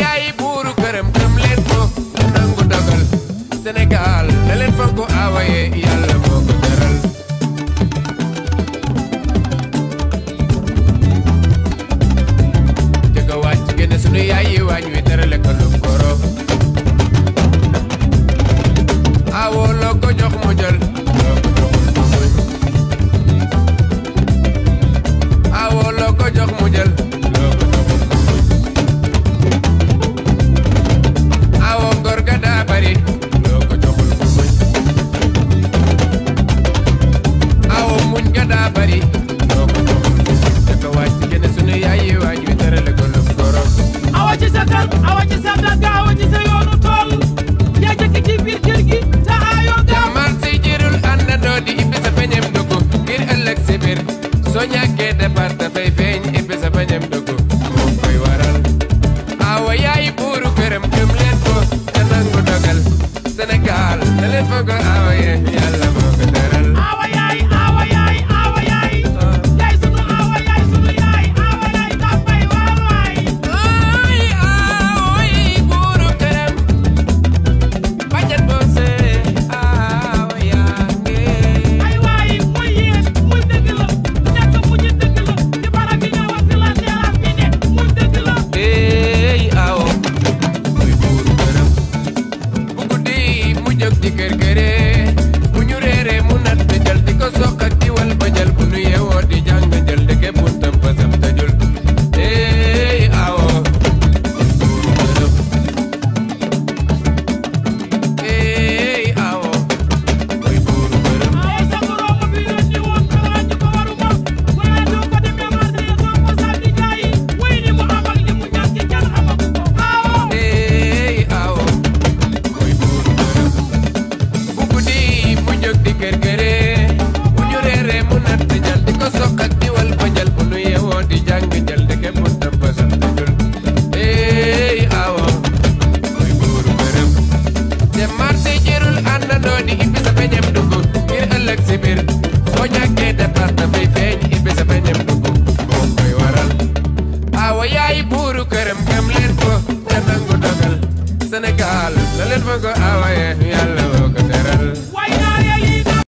yaayi buuru këram gëm leen ko nangu dogal Sénégal na leen fonk awaye yàlla moo ko dëral jëkk wàcc génn sunu yaayi waañ wi dëral bari noo ko ko dafa wàcc gën sunu yaay yi waaj wi tërale ko lu korom awa sa dagga awa sa yoonu tool yaa jëkk ci biir kër gi sa aayoo gaaw marché jërul àndandoo di ibbi sa peñeem dugg ngir ëllëg si biir soo ñàkk el querer. boo ñàkkee defar dafay feeñ ibe sa beneen bëgg moo koy waral awa yaay buuru këram gëm leen ko te nangu dogal Sénégal na leen fa ko awaye yàlla woo ko